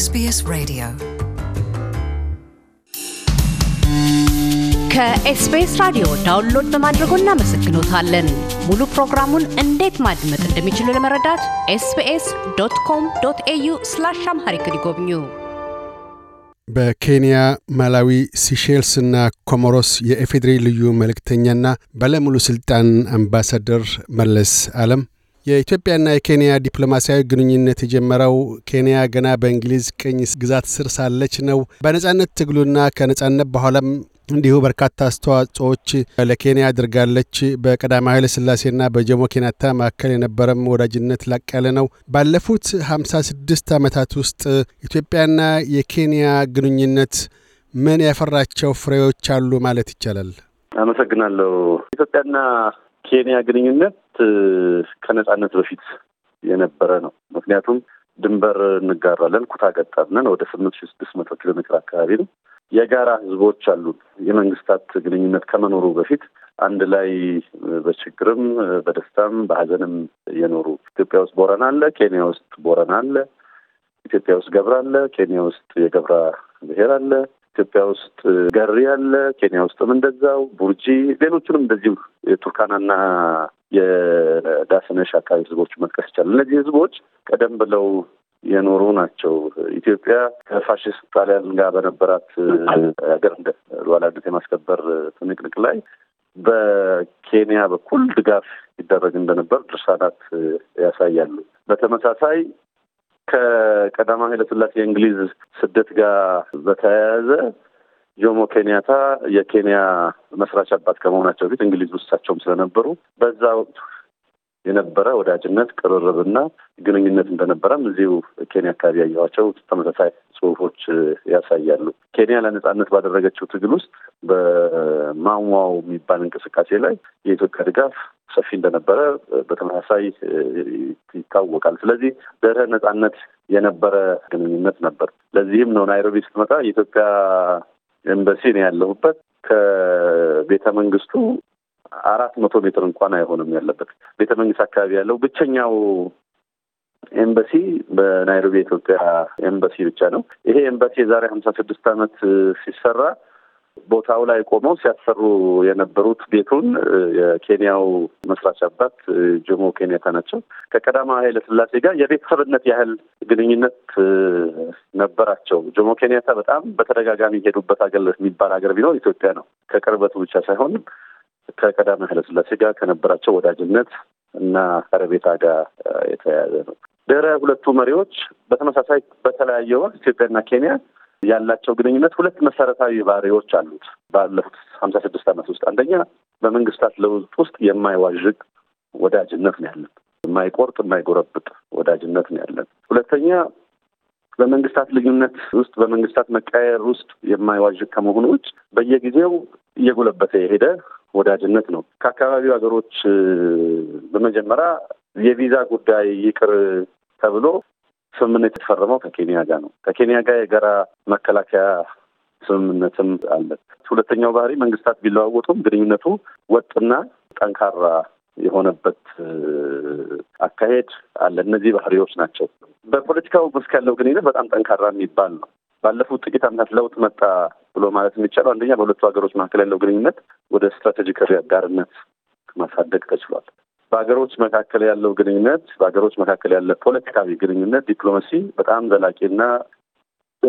ኤስቢኤስ ሬዲዮ ከኤስቢኤስ ራዲዮ ዳውንሎድ በማድረጎ እናመሰግኖታለን። ሙሉ ፕሮግራሙን እንዴት ማድመጥ እንደሚችሉ ለመረዳት ኤስቢኤስ ዶት ኮም ዶት ኤዩ ስላሽ አምሃሪክ ይጎብኙ። በኬንያ ማላዊ፣ ሲሼልስና ኮሞሮስ የኤፌድሪ ልዩ መልእክተኛና ባለሙሉ ስልጣን አምባሳደር መለስ አለም የኢትዮጵያና የኬንያ ዲፕሎማሲያዊ ግንኙነት የጀመረው ኬንያ ገና በእንግሊዝ ቅኝ ግዛት ስር ሳለች ነው። በነጻነት ትግሉና ከነጻነት በኋላም እንዲሁ በርካታ አስተዋጽኦዎች ለኬንያ አድርጋለች። በቀዳማዊ ኃይለ ሥላሴና በጆሞ ኬንያታ መካከል የነበረም ወዳጅነት ላቅ ያለ ነው። ባለፉት 56 ዓመታት ውስጥ ኢትዮጵያና የኬንያ ግንኙነት ምን ያፈራቸው ፍሬዎች አሉ ማለት ይቻላል? አመሰግናለሁ። ኢትዮጵያና ኬንያ ግንኙነት ከነጻነት በፊት የነበረ ነው። ምክንያቱም ድንበር እንጋራለን፣ ኩታ ገጠምነን ወደ ስምንት ሺ ስድስት መቶ ኪሎ ሜትር አካባቢ ነው። የጋራ ህዝቦች አሉን። የመንግስታት ግንኙነት ከመኖሩ በፊት አንድ ላይ በችግርም በደስታም በሀዘንም የኖሩ ኢትዮጵያ ውስጥ ቦረና አለ፣ ኬንያ ውስጥ ቦረና አለ። ኢትዮጵያ ውስጥ ገብራ አለ፣ ኬንያ ውስጥ የገብራ ብሔር አለ። ኢትዮጵያ ውስጥ ገሪ አለ፣ ኬንያ ውስጥም እንደዛው ቡርጂ፣ ሌሎቹንም እንደዚሁ የቱርካናና የዳስነሽ አካባቢ ህዝቦች መጥቀስ ይቻላል። እነዚህ ህዝቦች ቀደም ብለው የኖሩ ናቸው። ኢትዮጵያ ከፋሽስት ጣሊያን ጋር በነበራት ሀገር ሉዓላዊነት የማስከበር ትንቅንቅ ላይ በኬንያ በኩል ድጋፍ ይደረግ እንደነበር ድርሳናት ያሳያሉ። በተመሳሳይ ከቀዳማዊ ኃይለሥላሴ የእንግሊዝ ስደት ጋር በተያያዘ ጆሞ ኬንያታ የኬንያ መስራች አባት ከመሆናቸው ፊት እንግሊዝ ውስጣቸውም ስለነበሩ በዛ ወቅት የነበረ ወዳጅነት ቅርርብና ግንኙነት እንደነበረም እዚሁ ኬንያ አካባቢ ያየኋቸው ተመሳሳይ ጽሁፎች ያሳያሉ። ኬንያ ለነጻነት ባደረገችው ትግል ውስጥ በማሟው የሚባል እንቅስቃሴ ላይ የኢትዮጵያ ድጋፍ ሰፊ እንደነበረ በተመሳሳይ ይታወቃል። ስለዚህ ደረ ነጻነት የነበረ ግንኙነት ነበር። ለዚህም ነው ናይሮቢ ስትመጣ የኢትዮጵያ ኤምባሲ ነው ያለሁበት ከቤተ መንግስቱ አራት መቶ ሜትር እንኳን አይሆንም ያለበት ቤተ መንግስት አካባቢ ያለው ብቸኛው ኤምባሲ በናይሮቢ የኢትዮጵያ ኤምባሲ ብቻ ነው። ይሄ ኤምባሲ የዛሬ ሀምሳ ስድስት ዓመት ሲሰራ ቦታው ላይ ቆመው ሲያሰሩ የነበሩት ቤቱን የኬንያው መስራች አባት ጆሞ ኬንያታ ናቸው። ከቀዳማዊ ኃይለ ሥላሴ ጋር የቤተሰብነት ያህል ግንኙነት ነበራቸው። ጆሞ ኬንያታ በጣም በተደጋጋሚ ሄዱበት አገር የሚባል ሀገር ቢኖር ኢትዮጵያ ነው። ከቅርበቱ ብቻ ሳይሆንም ከቀዳማዊ ኃይለሥላሴ ጋር ከነበራቸው ወዳጅነት እና ቀረቤታ ጋር የተያያዘ ነው። ድህረ ሁለቱ መሪዎች በተመሳሳይ በተለያየ ወቅት ኢትዮጵያና ኬንያ ያላቸው ግንኙነት ሁለት መሰረታዊ ባህሪዎች አሉት። ባለፉት ሀምሳ ስድስት ዓመት ውስጥ አንደኛ በመንግስታት ለውጥ ውስጥ የማይዋዥቅ ወዳጅነት ነው ያለን፣ የማይቆርጥ የማይጎረብጥ ወዳጅነት ነው ያለን። ሁለተኛ በመንግስታት ልዩነት ውስጥ በመንግስታት መቀያየር ውስጥ የማይዋዥቅ ከመሆኑ ውጭ በየጊዜው እየጎለበተ የሄደ ወዳጅነት ነው። ከአካባቢው ሀገሮች በመጀመሪያ የቪዛ ጉዳይ ይቅር ተብሎ ስምምነት የተፈረመው ከኬንያ ጋር ነው። ከኬንያ ጋር የጋራ መከላከያ ስምምነትም አለ። ሁለተኛው ባህሪ መንግስታት ቢለዋወጡም ግንኙነቱ ወጥና ጠንካራ የሆነበት አካሄድ አለ። እነዚህ ባህሪዎች ናቸው። በፖለቲካው ውስጥ ያለው ግንኙነት በጣም ጠንካራ የሚባል ነው። ባለፉት ጥቂት ዓመታት ለውጥ መጣ ብሎ ማለት የሚቻለው አንደኛ በሁለቱ ሀገሮች መካከል ያለው ግንኙነት ወደ ስትራቴጂካዊ አጋርነት ማሳደግ ተችሏል። በሀገሮች መካከል ያለው ግንኙነት በሀገሮች መካከል ያለ ፖለቲካዊ ግንኙነት ዲፕሎማሲ በጣም ዘላቂና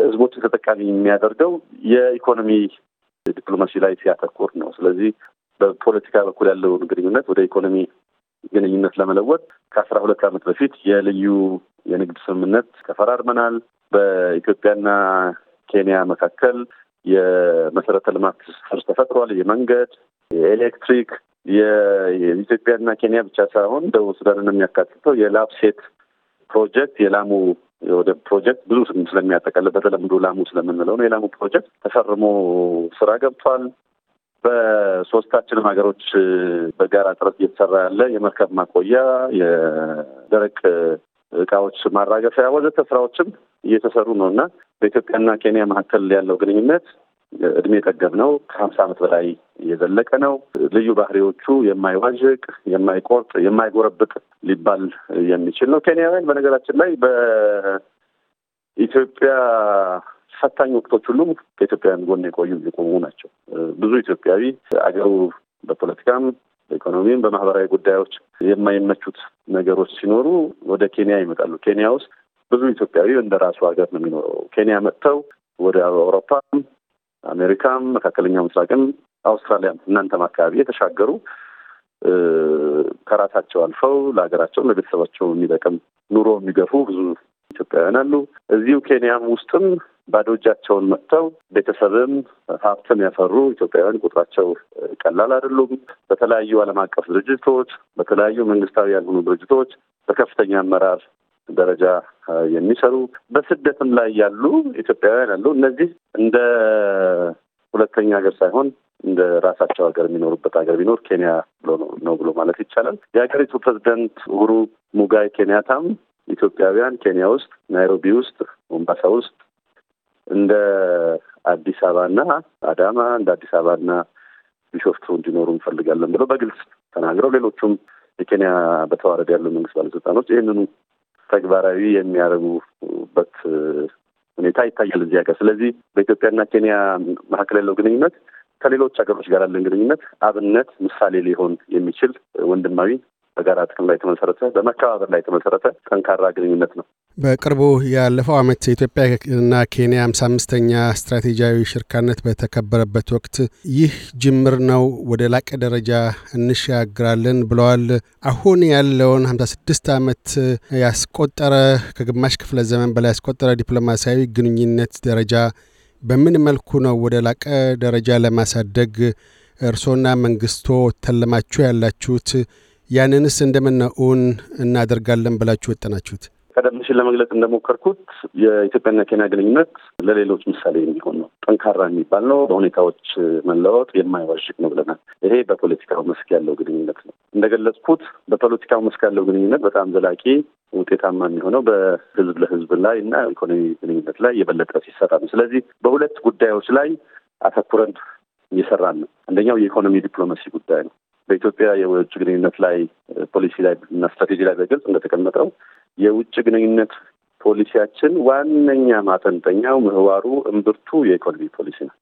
ህዝቦችን ተጠቃሚ የሚያደርገው የኢኮኖሚ ዲፕሎማሲ ላይ ሲያተኩር ነው። ስለዚህ በፖለቲካ በኩል ያለውን ግንኙነት ወደ ኢኮኖሚ ግንኙነት ለመለወጥ ከአስራ ሁለት ዓመት በፊት የልዩ የንግድ ስምምነት ተፈራርመናል። በኢትዮጵያና ኬንያ መካከል የመሰረተ ልማት ትስስር ተፈጥሯል። የመንገድ፣ የኤሌክትሪክ የኢትዮጵያና ኬንያ ብቻ ሳይሆን ደቡብ ሱዳንን የሚያካትተው የላፕሴት ፕሮጀክት የላሙ ወደ ፕሮጀክት ብዙ ስለሚያጠቃልል በተለምዶ ላሙ ስለምንለው ነው። የላሙ ፕሮጀክት ተፈርሞ ስራ ገብቷል። በሶስታችንም ሀገሮች በጋራ ጥረት እየተሰራ ያለ የመርከብ ማቆያ፣ የደረቅ እቃዎች ማራገፊያ ወዘተ ስራዎችም እየተሰሩ ነው እና በኢትዮጵያና ኬንያ መካከል ያለው ግንኙነት እድሜ ጠገብ ነው። ከሀምሳ ዓመት በላይ እየዘለቀ ነው። ልዩ ባህሪዎቹ የማይዋዥቅ፣ የማይቆርጥ፣ የማይጎረብጥ ሊባል የሚችል ነው። ኬንያውያን በነገራችን ላይ በኢትዮጵያ ፈታኝ ወቅቶች ሁሉም ከኢትዮጵያውያን ጎን የቆዩ የቆሙ ናቸው። ብዙ ኢትዮጵያዊ አገሩ በፖለቲካም በኢኮኖሚም በማህበራዊ ጉዳዮች የማይመቹት ነገሮች ሲኖሩ ወደ ኬንያ ይመጣሉ። ኬንያ ውስጥ ብዙ ኢትዮጵያዊ እንደ ራሱ ሀገር ነው የሚኖረው። ኬንያ መጥተው ወደ አውሮፓም፣ አሜሪካም፣ መካከለኛው ምስራቅም አውስትራሊያም እናንተም አካባቢ የተሻገሩ ከራሳቸው አልፈው ለሀገራቸው ለቤተሰባቸው የሚጠቅም ኑሮ የሚገፉ ብዙ ኢትዮጵያውያን አሉ። እዚሁ ኬንያም ውስጥም ባዶ እጃቸውን መጥተው ቤተሰብም ሀብትም ያፈሩ ኢትዮጵያውያን ቁጥራቸው ቀላል አይደሉም። በተለያዩ ዓለም አቀፍ ድርጅቶች፣ በተለያዩ መንግስታዊ ያልሆኑ ድርጅቶች በከፍተኛ አመራር ደረጃ የሚሰሩ በስደትም ላይ ያሉ ኢትዮጵያውያን አሉ። እነዚህ እንደ ሁለተኛ ሀገር ሳይሆን እንደ ራሳቸው ሀገር የሚኖሩበት ሀገር ቢኖር ኬንያ ብሎ ነው ብሎ ማለት ይቻላል። የሀገሪቱ ፕሬዚደንት ኡሁሩ ሙጋይ ኬንያታም ኢትዮጵያውያን ኬንያ ውስጥ ናይሮቢ ውስጥ ሞምባሳ ውስጥ እንደ አዲስ አበባና አዳማ እንደ አዲስ አበባና ቢሾፍቱ እንዲኖሩ እንፈልጋለን ብለው በግልጽ ተናግረው ሌሎቹም የኬንያ በተዋረድ ያሉ መንግስት ባለስልጣኖች ይህንኑ ተግባራዊ የሚያደርጉበት ሁኔታ ይታያል እዚህ ሀገር። ስለዚህ በኢትዮጵያና ኬንያ መካከል ያለው ግንኙነት ከሌሎች ሀገሮች ጋር ያለን ግንኙነት አብነት ምሳሌ ሊሆን የሚችል ወንድማዊ በጋራ ጥቅም ላይ የተመሰረተ በመከባበር ላይ የተመሰረተ ጠንካራ ግንኙነት ነው። በቅርቡ ያለፈው ዓመት የኢትዮጵያ እና ኬንያ ሃምሳ አምስተኛ ስትራቴጂያዊ ሽርካነት በተከበረበት ወቅት ይህ ጅምር ነው፣ ወደ ላቀ ደረጃ እንሻግራለን ብለዋል። አሁን ያለውን ሀምሳ ስድስት ዓመት ያስቆጠረ ከግማሽ ክፍለ ዘመን በላይ ያስቆጠረ ዲፕሎማሲያዊ ግንኙነት ደረጃ በምን መልኩ ነው ወደ ላቀ ደረጃ ለማሳደግ እርሶና መንግስቶ ተልማችሁ ያላችሁት? ያንንስ እውን እናደርጋለን ብላችሁ ወጠናችሁት? ቀደም ሲል ለመግለጽ እንደሞከርኩት የኢትዮጵያና ኬንያ ግንኙነት ለሌሎች ምሳሌ የሚሆን ነው። ጠንካራ የሚባል ነው። በሁኔታዎች መለወጥ የማይዋዥቅ ነው ብለናል። ይሄ በፖለቲካው መስክ ያለው ግንኙነት ነው። እንደገለጽኩት በፖለቲካው መስክ ያለው ግንኙነት በጣም ዘላቂ ውጤታማ የሚሆነው በህዝብ ለህዝብ ላይ እና ኢኮኖሚ ግንኙነት ላይ የበለጠ ሲሰራ ነው። ስለዚህ በሁለት ጉዳዮች ላይ አተኩረን እየሰራን ነው። አንደኛው የኢኮኖሚ ዲፕሎማሲ ጉዳይ ነው። በኢትዮጵያ የውጭ ግንኙነት ላይ ፖሊሲ ላይ እና ስትራቴጂ ላይ በግልጽ እንደተቀመጠው የውጭ ግንኙነት ፖሊሲያችን ዋነኛ ማጠንጠኛው ምህዋሩ፣ እምብርቱ የኢኮኖሚ ፖሊሲ ነው።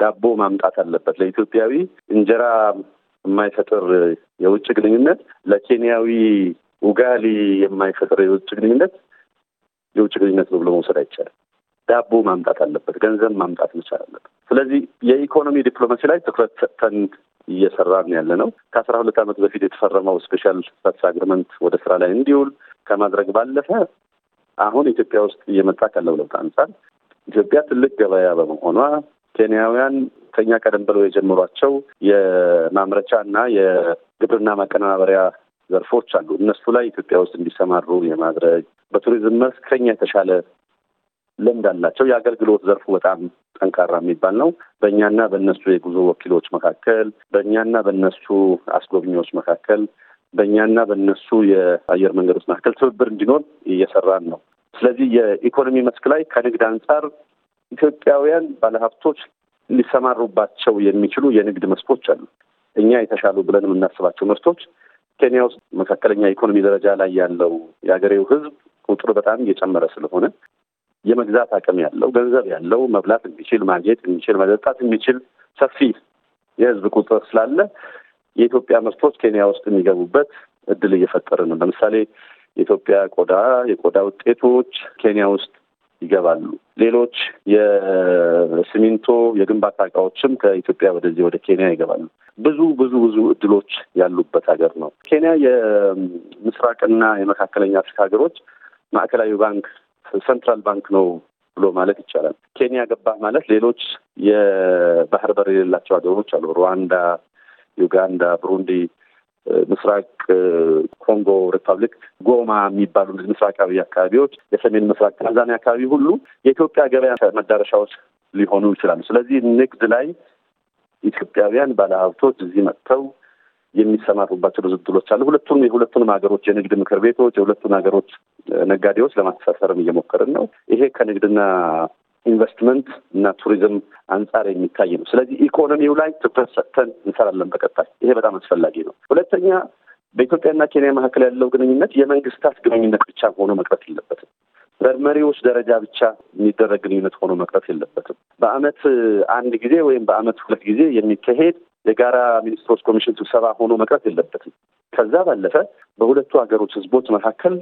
ዳቦ ማምጣት አለበት። ለኢትዮጵያዊ እንጀራ የማይፈጥር የውጭ ግንኙነት፣ ለኬንያዊ ኡጋሊ የማይፈጥር የውጭ ግንኙነት የውጭ ግንኙነት ነው ብሎ መውሰድ አይቻልም። ዳቦ ማምጣት አለበት፣ ገንዘብ ማምጣት መቻል አለበት። ስለዚህ የኢኮኖሚ ዲፕሎማሲ ላይ ትኩረት ሰጥተን እየሰራን ያለ ነው። ከአስራ ሁለት ዓመት በፊት የተፈረመው ስፔሻል ስታትስ አግሪመንት ወደ ስራ ላይ እንዲውል ከማድረግ ባለፈ አሁን ኢትዮጵያ ውስጥ እየመጣ ካለው ለውጥ አንጻር ኢትዮጵያ ትልቅ ገበያ በመሆኗ ኬንያውያን ከኛ ቀደም ብለው የጀመሯቸው የማምረቻ እና የግብርና ማቀነባበሪያ ዘርፎች አሉ። እነሱ ላይ ኢትዮጵያ ውስጥ እንዲሰማሩ የማድረግ በቱሪዝም መስክ ከኛ የተሻለ ልምድ አላቸው። የአገልግሎት ዘርፉ በጣም ጠንካራ የሚባል ነው። በእኛና በእነሱ የጉዞ ወኪሎች መካከል፣ በእኛና በእነሱ አስጎብኚዎች መካከል፣ በእኛና በእነሱ የአየር መንገዶች መካከል ትብብር እንዲኖር እየሰራን ነው። ስለዚህ የኢኮኖሚ መስክ ላይ ከንግድ አንጻር ኢትዮጵያውያን ባለሀብቶች ሊሰማሩባቸው የሚችሉ የንግድ መስኮች አሉ። እኛ የተሻሉ ብለን የምናስባቸው ምርቶች ኬንያ ውስጥ መካከለኛ ኢኮኖሚ ደረጃ ላይ ያለው የሀገሬው ሕዝብ ቁጥር በጣም እየጨመረ ስለሆነ የመግዛት አቅም ያለው ገንዘብ ያለው መብላት የሚችል ማግኘት የሚችል መጠጣት የሚችል ሰፊ የህዝብ ቁጥር ስላለ የኢትዮጵያ ምርቶች ኬንያ ውስጥ የሚገቡበት እድል እየፈጠረ ነው። ለምሳሌ የኢትዮጵያ ቆዳ የቆዳ ውጤቶች ኬንያ ውስጥ ይገባሉ። ሌሎች የሲሚንቶ የግንባታ እቃዎችም ከኢትዮጵያ ወደዚህ ወደ ኬንያ ይገባሉ። ብዙ ብዙ ብዙ እድሎች ያሉበት ሀገር ነው ኬንያ። የምስራቅና የመካከለኛ አፍሪካ ሀገሮች ማዕከላዊ ባንክ ሰንትራል ባንክ ነው ብሎ ማለት ይቻላል። ኬንያ ገባ ማለት ሌሎች የባህር በር የሌላቸው ሀገሮች አሉ። ሩዋንዳ፣ ዩጋንዳ፣ ብሩንዲ፣ ምስራቅ ኮንጎ ሪፐብሊክ፣ ጎማ የሚባሉ ምስራቃዊ አካባቢዎች፣ የሰሜን ምስራቅ ታንዛኒያ አካባቢ ሁሉ የኢትዮጵያ ገበያ መዳረሻዎች ሊሆኑ ይችላሉ። ስለዚህ ንግድ ላይ ኢትዮጵያውያን ባለሀብቶች እዚህ መጥተው የሚሰማሩባቸው ብዙ እድሎች አሉ። ሁለቱም የሁለቱንም ሀገሮች የንግድ ምክር ቤቶች የሁለቱን ሀገሮች ነጋዴዎች ለማስተሳሰርም እየሞከርን ነው። ይሄ ከንግድና ኢንቨስትመንት እና ቱሪዝም አንጻር የሚታይ ነው። ስለዚህ ኢኮኖሚው ላይ ትኩረት ሰጥተን እንሰራለን በቀጣይ። ይሄ በጣም አስፈላጊ ነው። ሁለተኛ በኢትዮጵያና ኬንያ መካከል ያለው ግንኙነት የመንግስታት ግንኙነት ብቻ ሆኖ መቅረት የለበትም። በመሪዎች ደረጃ ብቻ የሚደረግ ግንኙነት ሆኖ መቅረት የለበትም። በአመት አንድ ጊዜ ወይም በአመት ሁለት ጊዜ የሚካሄድ የጋራ ሚኒስትሮች ኮሚሽን ስብሰባ ሆኖ መቅረት የለበትም። ከዛ ባለፈ በሁለቱ ሀገሮች ህዝቦች መካከል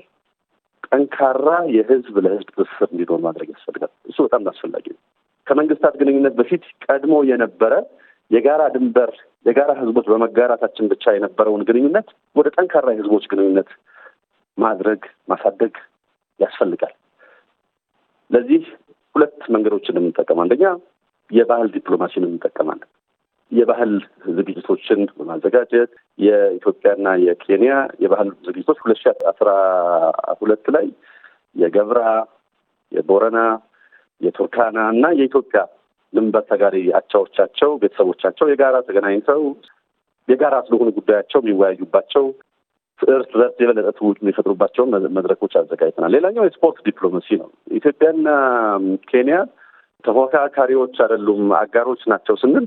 ጠንካራ የህዝብ ለህዝብ ትስስር እንዲኖር ማድረግ ያስፈልጋል። እሱ በጣም አስፈላጊ ነው። ከመንግስታት ግንኙነት በፊት ቀድሞ የነበረ የጋራ ድንበር የጋራ ህዝቦች በመጋራታችን ብቻ የነበረውን ግንኙነት ወደ ጠንካራ የህዝቦች ግንኙነት ማድረግ ማሳደግ ያስፈልጋል። ለዚህ ሁለት መንገዶችን የምንጠቀም አንደኛ የባህል ዲፕሎማሲን እንጠቀማለን። የባህል ዝግጅቶችን በማዘጋጀት የኢትዮጵያና የኬንያ የባህል ዝግጅቶች ሁለት ሺ አስራ ሁለት ላይ የገብራ፣ የቦረና፣ የቱርካና እና የኢትዮጵያ ድንበር ተጋሪ አቻዎቻቸው ቤተሰቦቻቸው የጋራ ተገናኝተው የጋራ ስለሆኑ ጉዳያቸው የሚወያዩባቸው እርስ በርስ የበለጠ ትውውቅ የሚፈጥሩባቸውን መድረኮች አዘጋጅተናል። ሌላኛው የስፖርት ዲፕሎማሲ ነው። ኢትዮጵያና ኬንያ ተፎካካሪዎች አይደሉም፣ አጋሮች ናቸው ስንል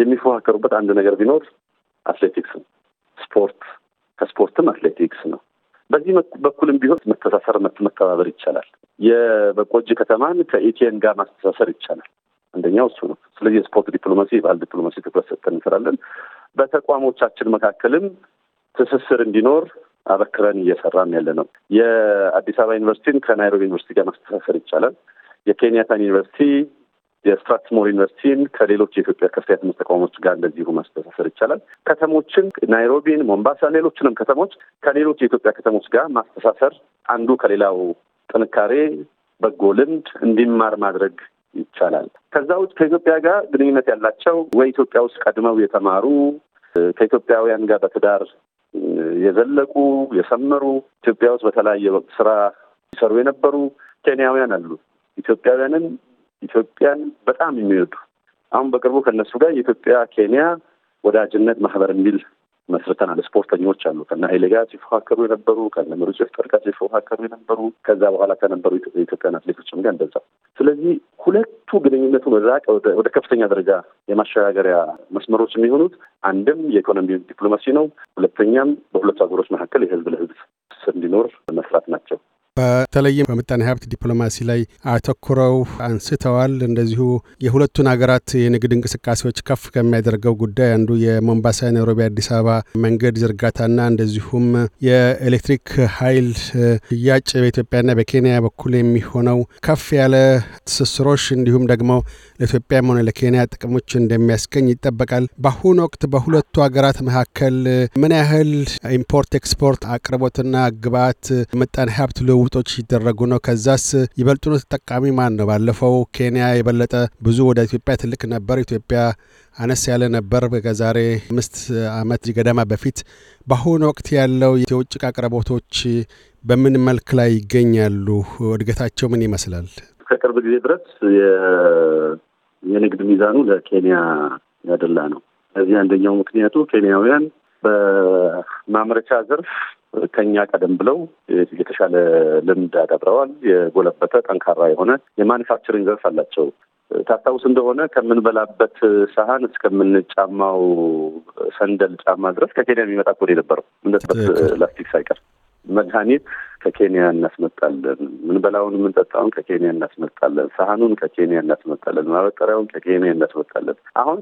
የሚፎካከሩበት አንድ ነገር ቢኖር አትሌቲክስ ነው። ስፖርት ከስፖርትም አትሌቲክስ ነው። በዚህ በኩልም ቢሆን መተሳሰር፣ መተባበር ይቻላል። የበቆጂ ከተማን ከኢቲኤን ጋር ማስተሳሰር ይቻላል። አንደኛው እሱ ነው። ስለዚህ የስፖርት ዲፕሎማሲ፣ የባህል ዲፕሎማሲ ትኩረት ሰጥተን እንሰራለን። በተቋሞቻችን መካከልም ትስስር እንዲኖር አበክረን እየሰራን ያለ ነው። የአዲስ አበባ ዩኒቨርሲቲን ከናይሮቢ ዩኒቨርሲቲ ጋር ማስተሳሰር ይቻላል። የኬንያታን ዩኒቨርሲቲ የስትራትሞር ዩኒቨርሲቲን ከሌሎች የኢትዮጵያ ከፍተኛ ትምህርት ተቋሞች ጋር እንደዚሁ ማስተሳሰር ይቻላል። ከተሞችን ናይሮቢን፣ ሞምባሳ፣ ሌሎችንም ከተሞች ከሌሎች የኢትዮጵያ ከተሞች ጋር ማስተሳሰር አንዱ ከሌላው ጥንካሬ፣ በጎ ልምድ እንዲማር ማድረግ ይቻላል። ከዛ ውጭ ከኢትዮጵያ ጋር ግንኙነት ያላቸው ወይ ኢትዮጵያ ውስጥ ቀድመው የተማሩ ከኢትዮጵያውያን ጋር በትዳር የዘለቁ የሰመሩ ኢትዮጵያ ውስጥ በተለያየ ወቅት ስራ ይሰሩ የነበሩ ኬንያውያን አሉ። ኢትዮጵያውያንን ኢትዮጵያን በጣም የሚወዱ አሁን በቅርቡ ከነሱ ጋር የኢትዮጵያ ኬንያ ወዳጅነት ማህበር የሚል መስርተናል። ስፖርተኞች አሉ። ከነ ኃይሌ ጋር ሲፎካከሩ የነበሩ ከነ ምሩጽ ይፍጠር ጋር ሲፎካከሩ የነበሩ ከዛ በኋላ ከነበሩ የኢትዮጵያን አትሌቶችም ጋር እንደዛ። ስለዚህ ሁለቱ ግንኙነቱ መዛቅ ወደ ከፍተኛ ደረጃ የማሸጋገሪያ መስመሮች የሚሆኑት አንድም የኢኮኖሚ ዲፕሎማሲ ነው። ሁለተኛም በሁለቱ ሀገሮች መካከል የህዝብ ለህዝብ እንዲኖር መስራት በተለይም በምጣኔ ሀብት ዲፕሎማሲ ላይ አተኩረው አንስተዋል። እንደዚሁ የሁለቱን ሀገራት የንግድ እንቅስቃሴዎች ከፍ ከሚያደርገው ጉዳይ አንዱ የሞምባሳ ናይሮቢ፣ አዲስ አበባ መንገድ ዝርጋታና እንደዚሁም የኤሌክትሪክ ኃይል ሽያጭ በኢትዮጵያና በኬንያ በኩል የሚሆነው ከፍ ያለ ትስስሮች እንዲሁም ደግሞ ለኢትዮጵያም ሆነ ለኬንያ ጥቅሞች እንደሚያስገኝ ይጠበቃል። በአሁኑ ወቅት በሁለቱ ሀገራት መካከል ምን ያህል ኢምፖርት ኤክስፖርት፣ አቅርቦትና ግብአት ምጣኔ ሀብት ለውጦች ሲደረጉ ነው? ከዛስ ይበልጡን ተጠቃሚ ማን ነው? ባለፈው ኬንያ የበለጠ ብዙ ወደ ኢትዮጵያ ትልቅ ነበር። ኢትዮጵያ አነስ ያለ ነበር ከዛሬ አምስት ዓመት ገደማ በፊት። በአሁኑ ወቅት ያለው የውጭ ዕቃ አቅርቦቶች በምን መልክ ላይ ይገኛሉ? እድገታቸው ምን ይመስላል? ከቅርብ ጊዜ ድረስ የንግድ ሚዛኑ ለኬንያ ያደላ ነው። እዚህ አንደኛው ምክንያቱ ኬንያውያን በማምረቻ ዘርፍ ከኛ ቀደም ብለው የተሻለ ልምድ አዳብረዋል። የጎለበተ ጠንካራ የሆነ የማኒፋክቸሪንግ ዘርፍ አላቸው። ታስታውስ እንደሆነ ከምንበላበት ሳህን እስከምንጫማው ሰንደል ጫማ ድረስ ከኬንያ የሚመጣ ኮዴ የነበረው እንደ ላስቲክ ሳይቀር መድኃኒት ከኬንያ እናስመጣለን። ምንበላውን የምንጠጣውን ከኬንያ እናስመጣለን። ሳህኑን ከኬንያ እናስመጣለን። ማበጠሪያውን ከኬንያ እናስመጣለን። አሁን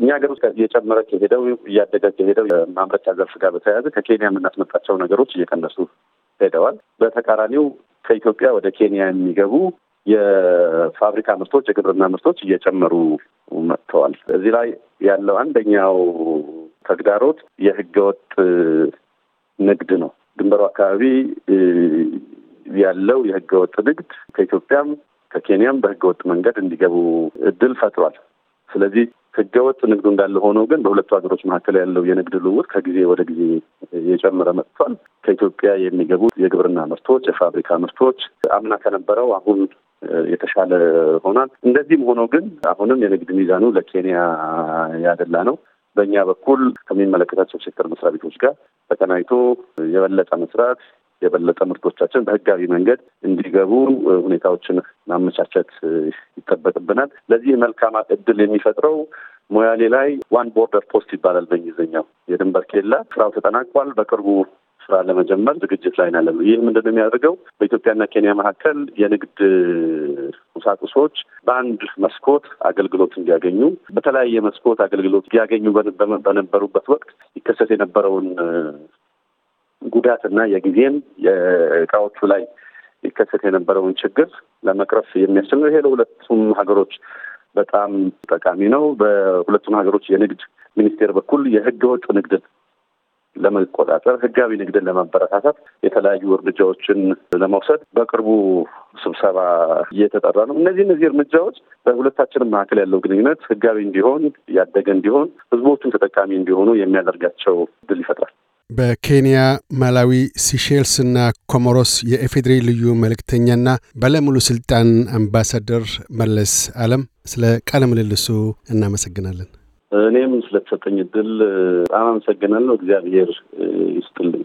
እኛ ሀገር ውስጥ እየጨመረ ከሄደው እያደገች ሄደው የማምረቻ ዘርፍ ጋር በተያያዘ ከኬንያ የምናስመጣቸው ነገሮች እየቀነሱ ሄደዋል። በተቃራኒው ከኢትዮጵያ ወደ ኬንያ የሚገቡ የፋብሪካ ምርቶች፣ የግብርና ምርቶች እየጨመሩ መጥተዋል። እዚህ ላይ ያለው አንደኛው ተግዳሮት የህገወጥ ንግድ ነው። ድንበሩ አካባቢ ያለው የህገወጥ ንግድ ከኢትዮጵያም ከኬንያም በህገወጥ መንገድ እንዲገቡ እድል ፈጥሯል። ስለዚህ ህገወጥ ንግዱ እንዳለ ሆኖ ግን በሁለቱ ሀገሮች መካከል ያለው የንግድ ልውውጥ ከጊዜ ወደ ጊዜ የጨመረ መጥቷል። ከኢትዮጵያ የሚገቡ የግብርና ምርቶች፣ የፋብሪካ ምርቶች አምና ከነበረው አሁን የተሻለ ሆኗል። እንደዚህም ሆኖ ግን አሁንም የንግድ ሚዛኑ ለኬንያ ያደላ ነው። በእኛ በኩል ከሚመለከታቸው ሴክተር መስሪያ ቤቶች ጋር ተቀናይቶ የበለጠ መስራት የበለጠ ምርቶቻችን በህጋዊ መንገድ እንዲገቡ ሁኔታዎችን ማመቻቸት ይጠበቅብናል። ለዚህ መልካም እድል የሚፈጥረው ሞያሌ ላይ ዋን ቦርደር ፖስት ይባላል በእንግሊዝኛው የድንበር ኬላ ስራው ተጠናቋል። በቅርቡ ስራ ለመጀመር ዝግጅት ላይ ነው ይህ ምንድን ነው የሚያደርገው? በኢትዮጵያና ኬንያ መካከል የንግድ ቁሳቁሶች በአንድ መስኮት አገልግሎት እንዲያገኙ፣ በተለያየ መስኮት አገልግሎት እንዲያገኙ በነበሩበት ወቅት ይከሰት የነበረውን ጉዳት እና የጊዜም የእቃዎቹ ላይ ይከሰት የነበረውን ችግር ለመቅረፍ የሚያስችል ነው። ይሄ ለሁለቱም ሀገሮች በጣም ጠቃሚ ነው። በሁለቱም ሀገሮች የንግድ ሚኒስቴር በኩል የህገ ወጥ ንግድን ለመቆጣጠር ህጋዊ ንግድን ለማበረታታት የተለያዩ እርምጃዎችን ለመውሰድ በቅርቡ ስብሰባ እየተጠራ ነው። እነዚህ እነዚህ እርምጃዎች በሁለታችንም መካከል ያለው ግንኙነት ህጋዊ እንዲሆን ያደገ እንዲሆን ህዝቦቹን ተጠቃሚ እንዲሆኑ የሚያደርጋቸው ድል ይፈጥራል። በኬንያ ማላዊ፣ ና ኮሞሮስ የኤፌድሪ ልዩ መልእክተኛና ባለሙሉ ስልጣን አምባሳደር መለስ አለም ስለ ቃለ ምልልሱ እናመሰግናለን። እኔም ስለተሰጠኝ እድል በጣም አመሰግናለሁ። እግዚአብሔር ይስጥልኝ።